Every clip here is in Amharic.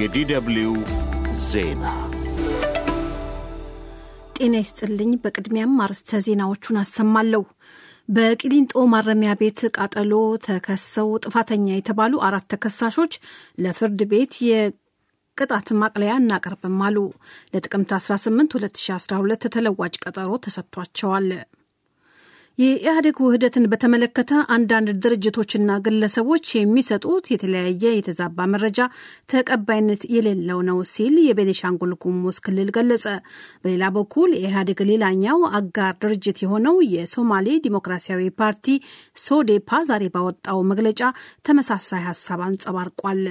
የዲደብሊው ዜና ጤና ይስጥልኝ። በቅድሚያም አርዕስተ ዜናዎቹን አሰማለሁ። በቂሊንጦ ማረሚያ ቤት ቃጠሎ ተከሰው ጥፋተኛ የተባሉ አራት ተከሳሾች ለፍርድ ቤት ቅጣት ማቅለያ እናቀርብም አሉ። ለጥቅምት 18 2012 ተለዋጭ ቀጠሮ ተሰጥቷቸዋል። የኢህአዴግ ውህደትን በተመለከተ አንዳንድ ድርጅቶችና ግለሰቦች የሚሰጡት የተለያየ የተዛባ መረጃ ተቀባይነት የሌለው ነው ሲል የቤኔሻንጉል ጉሙዝ ክልል ገለጸ። በሌላ በኩል የኢህአዴግ ሌላኛው አጋር ድርጅት የሆነው የሶማሌ ዲሞክራሲያዊ ፓርቲ ሶዴፓ ዛሬ ባወጣው መግለጫ ተመሳሳይ ሀሳብ አንጸባርቋል።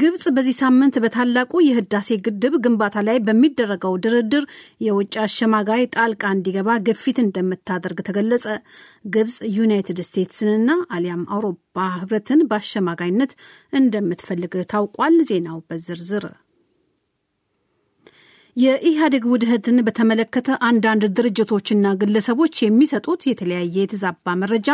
ግብጽ በዚህ ሳምንት በታላቁ የህዳሴ ግድብ ግንባታ ላይ በሚደረገው ድርድር የውጭ አሸማጋይ ጣልቃ እንዲገባ ግፊት እንደምታደርግ ተገለጸ። ግብጽ ዩናይትድ ስቴትስንና አሊያም አውሮፓ ህብረትን በአሸማጋይነት እንደምትፈልግ ታውቋል። ዜናው በዝርዝር የኢህአዴግ ውድህትን በተመለከተ አንዳንድ ድርጅቶችና ግለሰቦች የሚሰጡት የተለያየ የተዛባ መረጃ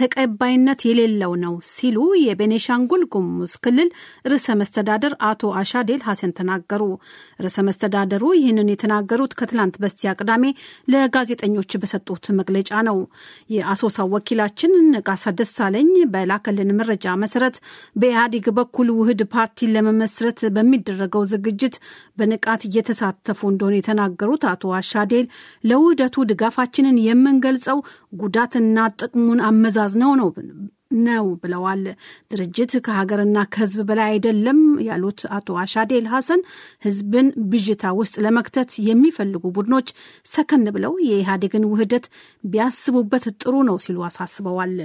ተቀባይነት የሌለው ነው ሲሉ የቤኔሻንጉል ጉሙዝ ክልል ርዕሰ መስተዳደር አቶ አሻዴል ሐሰን ተናገሩ። ርዕሰ መስተዳደሩ ይህንን የተናገሩት ከትላንት በስቲያ ቅዳሜ ለጋዜጠኞች በሰጡት መግለጫ ነው። የአሶሳው ወኪላችን ነጋሳ ደሳለኝ በላከልን መረጃ መሰረት በኢህአዴግ በኩል ውህድ ፓርቲ ለመመስረት በሚደረገው ዝግጅት በንቃት እየተሳተፉ እንደሆነ የተናገሩት አቶ አሻዴል ለውህደቱ ድጋፋችንን የምንገልጸው ጉዳትና ጥቅሙን አመዛ ትዕዛዝ ነው ነው ነው ብለዋል። ድርጅት ከሀገርና ከህዝብ በላይ አይደለም ያሉት አቶ አሻዴል ሐሰን ህዝብን ብዥታ ውስጥ ለመክተት የሚፈልጉ ቡድኖች ሰከን ብለው የኢህአዴግን ውህደት ቢያስቡበት ጥሩ ነው ሲሉ አሳስበዋል።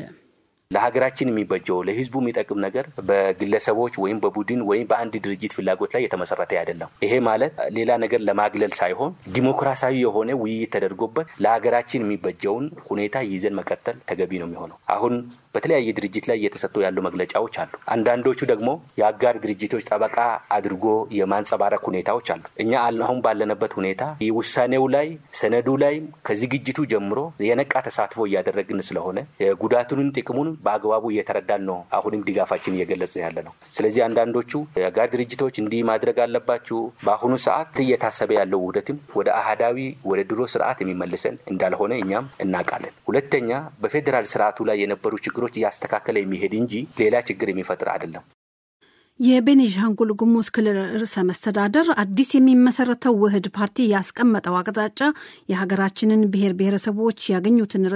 ለሀገራችን የሚበጀው ለህዝቡ የሚጠቅም ነገር በግለሰቦች ወይም በቡድን ወይም በአንድ ድርጅት ፍላጎት ላይ የተመሰረተ አይደለም። ይሄ ማለት ሌላ ነገር ለማግለል ሳይሆን ዲሞክራሲያዊ የሆነ ውይይት ተደርጎበት ለሀገራችን የሚበጀውን ሁኔታ ይዘን መቀጠል ተገቢ ነው የሚሆነው አሁን በተለያየ ድርጅት ላይ እየተሰጡ ያሉ መግለጫዎች አሉ። አንዳንዶቹ ደግሞ የአጋር ድርጅቶች ጠበቃ አድርጎ የማንጸባረቅ ሁኔታዎች አሉ። እኛ አሁን ባለንበት ሁኔታ ውሳኔው ላይ ሰነዱ ላይ ከዝግጅቱ ጀምሮ የነቃ ተሳትፎ እያደረግን ስለሆነ ጉዳቱንን ጥቅሙን በአግባቡ እየተረዳን ነው። አሁንም ድጋፋችን እየገለጽ ያለ ነው። ስለዚህ አንዳንዶቹ የአጋር ድርጅቶች እንዲህ ማድረግ አለባችሁ፣ በአሁኑ ሰዓት እየታሰበ ያለው ውህደትም ወደ አህዳዊ ወደ ድሮ ስርዓት የሚመልሰን እንዳልሆነ እኛም እናውቃለን። ሁለተኛ በፌዴራል ስርዓቱ ላይ የነበሩ ችግሮች ነገሮች እያስተካከለ የሚሄድ እንጂ ሌላ ችግር የሚፈጥር አይደለም። የቤኒሻንጉል ጉሙዝ ክልል ርዕሰ መስተዳደር አዲስ የሚመሰረተው ውህድ ፓርቲ ያስቀመጠው አቅጣጫ የሀገራችንን ብሔር ብሔረሰቦች ያገኙትን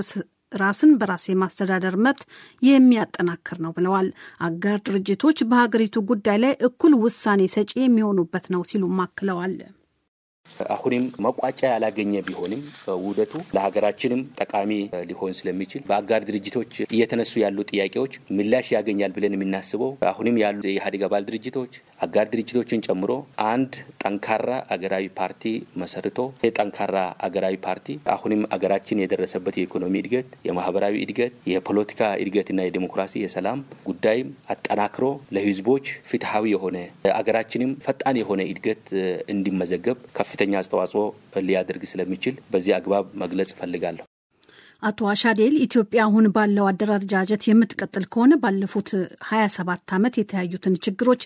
ራስን በራስ የማስተዳደር መብት የሚያጠናክር ነው ብለዋል። አጋር ድርጅቶች በሀገሪቱ ጉዳይ ላይ እኩል ውሳኔ ሰጪ የሚሆኑበት ነው ሲሉም አክለዋል። አሁንም መቋጫ ያላገኘ ቢሆንም ውህደቱ ለሀገራችንም ጠቃሚ ሊሆን ስለሚችል በአጋር ድርጅቶች እየተነሱ ያሉ ጥያቄዎች ምላሽ ያገኛል ብለን የምናስበው አሁንም ያሉ የኢህአዴግ አባል ድርጅቶች አጋር ድርጅቶችን ጨምሮ አንድ ጠንካራ አገራዊ ፓርቲ መሰርቶ የጠንካራ አገራዊ ፓርቲ አሁንም አገራችን የደረሰበት የኢኮኖሚ እድገት፣ የማህበራዊ እድገት፣ የፖለቲካ እድገትና የዲሞክራሲ የሰላም ጉዳይም አጠናክሮ ለህዝቦች ፍትሐዊ የሆነ አገራችንም ፈጣን የሆነ እድገት እንዲመዘገብ ከፍተኛ አስተዋጽኦ ሊያደርግ ስለሚችል በዚህ አግባብ መግለጽ እፈልጋለሁ። አቶ አሻዴል ኢትዮጵያ አሁን ባለው አደረጃጀት የምትቀጥል ከሆነ ባለፉት 27 ዓመት የተያዩትን ችግሮች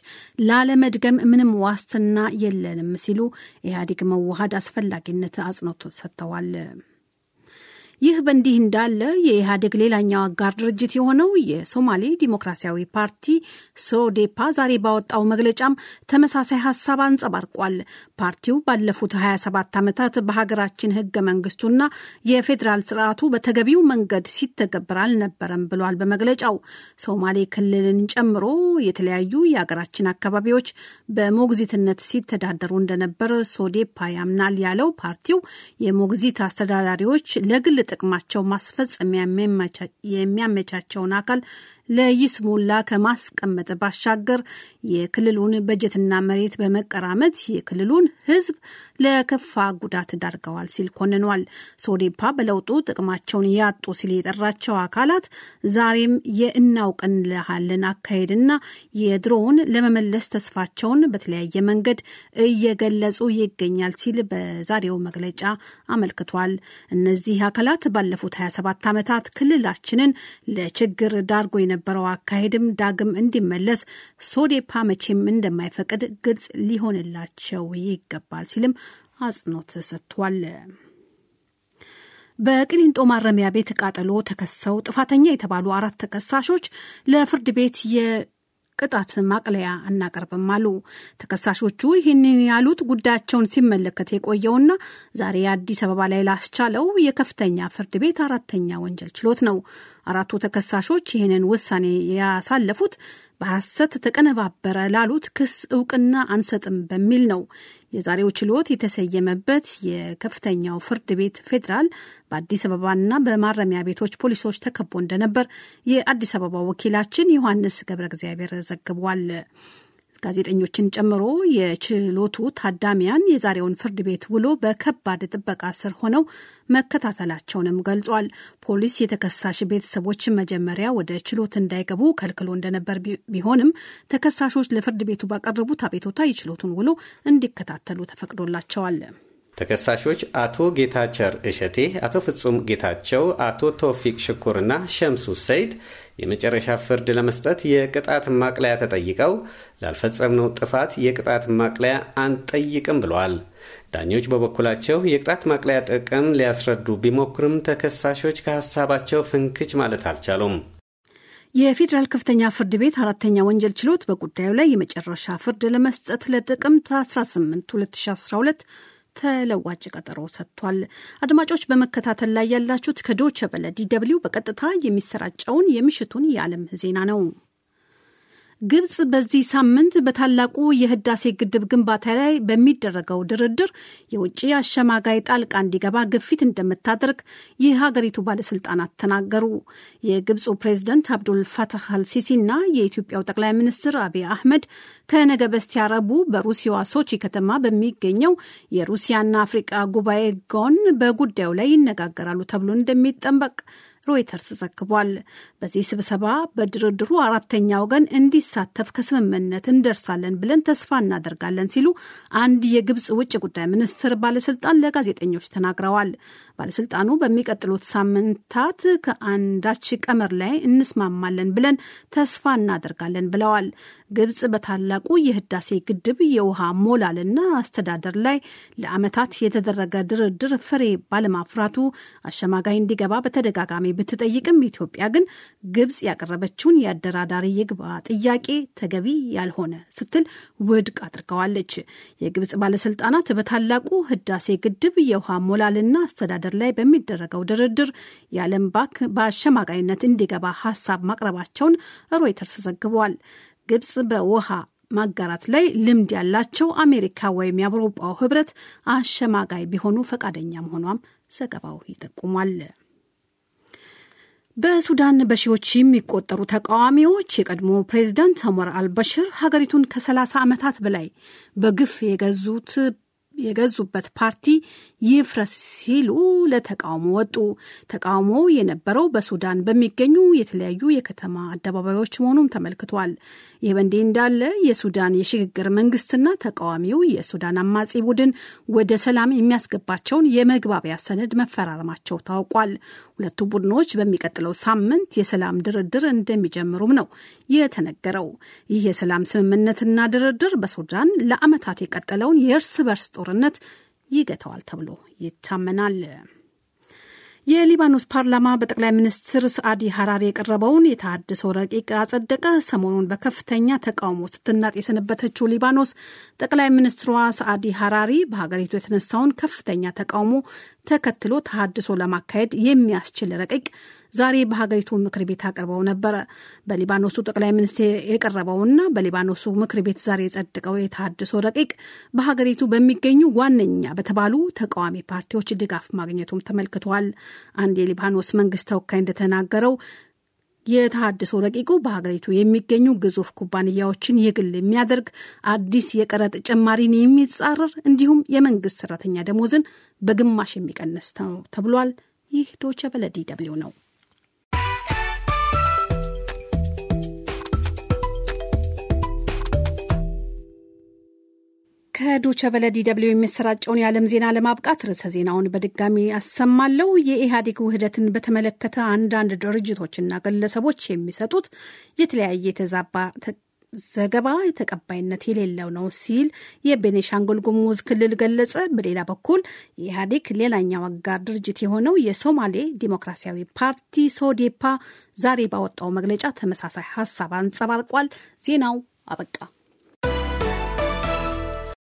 ላለመድገም ምንም ዋስትና የለንም ሲሉ ኢህአዴግ መዋሃድ አስፈላጊነት አጽንኦት ሰጥተዋል። ይህ በእንዲህ እንዳለ የኢህአዴግ ሌላኛው አጋር ድርጅት የሆነው የሶማሌ ዲሞክራሲያዊ ፓርቲ ሶዴፓ ዛሬ ባወጣው መግለጫም ተመሳሳይ ሀሳብ አንጸባርቋል። ፓርቲው ባለፉት 27 ዓመታት በሀገራችን ህገ መንግስቱና የፌዴራል ስርዓቱ በተገቢው መንገድ ሲተገበር አልነበረም ብሏል። በመግለጫው ሶማሌ ክልልን ጨምሮ የተለያዩ የሀገራችን አካባቢዎች በሞግዚትነት ሲተዳደሩ እንደነበር ሶዴፓ ያምናል ያለው ፓርቲው የሞግዚት አስተዳዳሪዎች ለግል ለጥቅማቸው ማስፈጸም የሚያመቻቸውን አካል ለይስሙላ ከማስቀመጥ ባሻገር የክልሉን በጀትና መሬት በመቀራመት የክልሉን ሕዝብ ለከፋ ጉዳት ዳርገዋል ሲል ኮንኗል። ሶዴፓ በለውጡ ጥቅማቸውን ያጡ ሲል የጠራቸው አካላት ዛሬም የእናውቅልሃለን አካሄድና የድሮውን ለመመለስ ተስፋቸውን በተለያየ መንገድ እየገለጹ ይገኛል ሲል በዛሬው መግለጫ አመልክቷል። እነዚህ አካላት ስርዓት ባለፉት 27 ዓመታት ክልላችንን ለችግር ዳርጎ የነበረው አካሄድም ዳግም እንዲመለስ ሶዴፓ መቼም እንደማይፈቅድ ግልጽ ሊሆንላቸው ይገባል ሲልም አጽንኦት ሰጥቷል። በቅሊንጦ ማረሚያ ቤት ቃጠሎ ተከሰው ጥፋተኛ የተባሉ አራት ተከሳሾች ለፍርድ ቤት ቅጣት ማቅለያ አናቀርብም አሉ። ተከሳሾቹ ይህንን ያሉት ጉዳያቸውን ሲመለከት የቆየውና ዛሬ አዲስ አበባ ላይ ላስቻለው የከፍተኛ ፍርድ ቤት አራተኛ ወንጀል ችሎት ነው። አራቱ ተከሳሾች ይህንን ውሳኔ ያሳለፉት በሐሰት ተቀነባበረ ላሉት ክስ እውቅና አንሰጥም በሚል ነው የዛሬው ችሎት የተሰየመበት። የከፍተኛው ፍርድ ቤት ፌዴራል በአዲስ አበባና በማረሚያ ቤቶች ፖሊሶች ተከቦ እንደነበር የአዲስ አበባ ወኪላችን ዮሐንስ ገብረ እግዚአብሔር ዘግቧል። ጋዜጠኞችን ጨምሮ የችሎቱ ታዳሚያን የዛሬውን ፍርድ ቤት ውሎ በከባድ ጥበቃ ስር ሆነው መከታተላቸውንም ገልጿል። ፖሊስ የተከሳሽ ቤተሰቦች መጀመሪያ ወደ ችሎት እንዳይገቡ ከልክሎ እንደነበር ቢሆንም ተከሳሾች ለፍርድ ቤቱ ባቀረቡት አቤቶታ የችሎቱን ውሎ እንዲከታተሉ ተፈቅዶላቸዋል። ተከሳሾች አቶ ጌታቸር እሸቴ፣ አቶ ፍጹም ጌታቸው፣ አቶ ቶፊቅ ሽኩርና ሸምሱ ሰይድ የመጨረሻ ፍርድ ለመስጠት የቅጣት ማቅለያ ተጠይቀው ላልፈጸምነው ጥፋት የቅጣት ማቅለያ አንጠይቅም ብለዋል። ዳኞች በበኩላቸው የቅጣት ማቅለያ ጥቅም ሊያስረዱ ቢሞክርም ተከሳሾች ከሀሳባቸው ፍንክች ማለት አልቻሉም። የፌዴራል ከፍተኛ ፍርድ ቤት አራተኛ ወንጀል ችሎት በጉዳዩ ላይ የመጨረሻ ፍርድ ለመስጠት ለጥቅምት 18 2012 ተለዋጭ ቀጠሮ ሰጥቷል። አድማጮች በመከታተል ላይ ያላችሁት ከዶቸ በለ ዲ ደብልዩ በቀጥታ የሚሰራጨውን የምሽቱን የዓለም ዜና ነው። ግብጽ በዚህ ሳምንት በታላቁ የህዳሴ ግድብ ግንባታ ላይ በሚደረገው ድርድር የውጭ አሸማጋይ ጣልቃ እንዲገባ ግፊት እንደምታደርግ የሀገሪቱ ባለስልጣናት ተናገሩ። የግብፁ ፕሬዝደንት አብዱል ፋታህ አልሲሲ የኢትዮጵያው ጠቅላይ ሚኒስትር አብይ አህመድ ከነገ በስቲያ ረቡዕ በሩሲያዋ ሶቺ ከተማ በሚገኘው የሩሲያና አፍሪቃ ጉባኤ ጎን በጉዳዩ ላይ ይነጋገራሉ ተብሎ እንደሚጠበቅ ሮይተርስ ዘግቧል። በዚህ ስብሰባ በድርድሩ አራተኛ ወገን እንዲሳተፍ ከስምምነት እንደርሳለን ብለን ተስፋ እናደርጋለን ሲሉ አንድ የግብፅ ውጭ ጉዳይ ሚኒስትር ባለስልጣን ለጋዜጠኞች ተናግረዋል። ባለስልጣኑ በሚቀጥሉት ሳምንታት ከአንዳች ቀመር ላይ እንስማማለን ብለን ተስፋ እናደርጋለን ብለዋል። ግብፅ በታላቁ የህዳሴ ግድብ የውሃ ሞላልና አስተዳደር ላይ ለዓመታት የተደረገ ድርድር ፍሬ ባለማፍራቱ አሸማጋይ እንዲገባ በተደጋጋሚ ብትጠይቅም ኢትዮጵያ ግን ግብጽ ያቀረበችውን የአደራዳሪ ይግባ ጥያቄ ተገቢ ያልሆነ ስትል ውድቅ አድርገዋለች። የግብጽ ባለስልጣናት በታላቁ ህዳሴ ግድብ የውሃ ሞላልና አስተዳደር ላይ በሚደረገው ድርድር የዓለም ባንክ በአሸማጋይነት እንዲገባ ሀሳብ ማቅረባቸውን ሮይተርስ ዘግቧል። ግብጽ በውሃ ማጋራት ላይ ልምድ ያላቸው አሜሪካ ወይም የአውሮፓው ህብረት አሸማጋይ ቢሆኑ ፈቃደኛ መሆኗም ዘገባው ይጠቁማል። በሱዳን በሺዎች የሚቆጠሩ ተቃዋሚዎች የቀድሞ ፕሬዝዳንት ኦመር አልበሽር ሀገሪቱን ከ30 ዓመታት በላይ በግፍ የገዙት የገዙበት ፓርቲ ይፍረስ ሲሉ ለተቃውሞ ወጡ። ተቃውሞ የነበረው በሱዳን በሚገኙ የተለያዩ የከተማ አደባባዮች መሆኑም ተመልክቷል። ይህ በእንዲህ እንዳለ የሱዳን የሽግግር መንግስትና ተቃዋሚው የሱዳን አማጺ ቡድን ወደ ሰላም የሚያስገባቸውን የመግባቢያ ሰነድ መፈራረማቸው ታውቋል። ሁለቱ ቡድኖች በሚቀጥለው ሳምንት የሰላም ድርድር እንደሚጀምሩም ነው የተነገረው። ይህ የሰላም ስምምነትና ድርድር በሱዳን ለዓመታት የቀጠለውን የእርስ በርስ ጦርነት ይገተዋል ተብሎ ይታመናል። የሊባኖስ ፓርላማ በጠቅላይ ሚኒስትር ሰአዲ ሀራሪ የቀረበውን የተሃድሶ ረቂቅ አጸደቀ። ሰሞኑን በከፍተኛ ተቃውሞ ስትናጥ የሰነበተችው ሊባኖስ ጠቅላይ ሚኒስትሯ ሰአዲ ሀራሪ በሀገሪቱ የተነሳውን ከፍተኛ ተቃውሞ ተከትሎ ተሃድሶ ለማካሄድ የሚያስችል ረቂቅ ዛሬ በሀገሪቱ ምክር ቤት አቅርበው ነበረ። በሊባኖሱ ጠቅላይ ሚኒስትር የቀረበውና በሊባኖሱ ምክር ቤት ዛሬ የጸድቀው የተሃድሶ ረቂቅ በሀገሪቱ በሚገኙ ዋነኛ በተባሉ ተቃዋሚ ፓርቲዎች ድጋፍ ማግኘቱም ተመልክቷል። አንድ የሊባኖስ መንግስት ተወካይ እንደተናገረው የተሃድሶ ረቂቁ በሀገሪቱ የሚገኙ ግዙፍ ኩባንያዎችን የግል የሚያደርግ አዲስ የቀረጥ ጭማሪን የሚጻረር እንዲሁም የመንግስት ሰራተኛ ደሞዝን በግማሽ የሚቀንስ ነው ተብሏል። ይህ ዶቸ በለ ዲ ደብልዩ ነው። ከዶቸ ቨለ ዲ የሚሰራጨውን የዓለም ዜና ለማብቃት ርዕሰ ዜናውን በድጋሚ አሰማለሁ። የኢህአዴግ ውህደትን በተመለከተ አንዳንድ ድርጅቶችና ግለሰቦች የሚሰጡት የተለያየ የተዛባ ዘገባ ተቀባይነት የሌለው ነው ሲል የቤኔሻንጉል ጉሙዝ ክልል ገለጸ። በሌላ በኩል የኢህአዴግ ሌላኛው አጋር ድርጅት የሆነው የሶማሌ ዲሞክራሲያዊ ፓርቲ ሶዴፓ ዛሬ ባወጣው መግለጫ ተመሳሳይ ሀሳብ አንጸባርቋል። ዜናው አበቃ።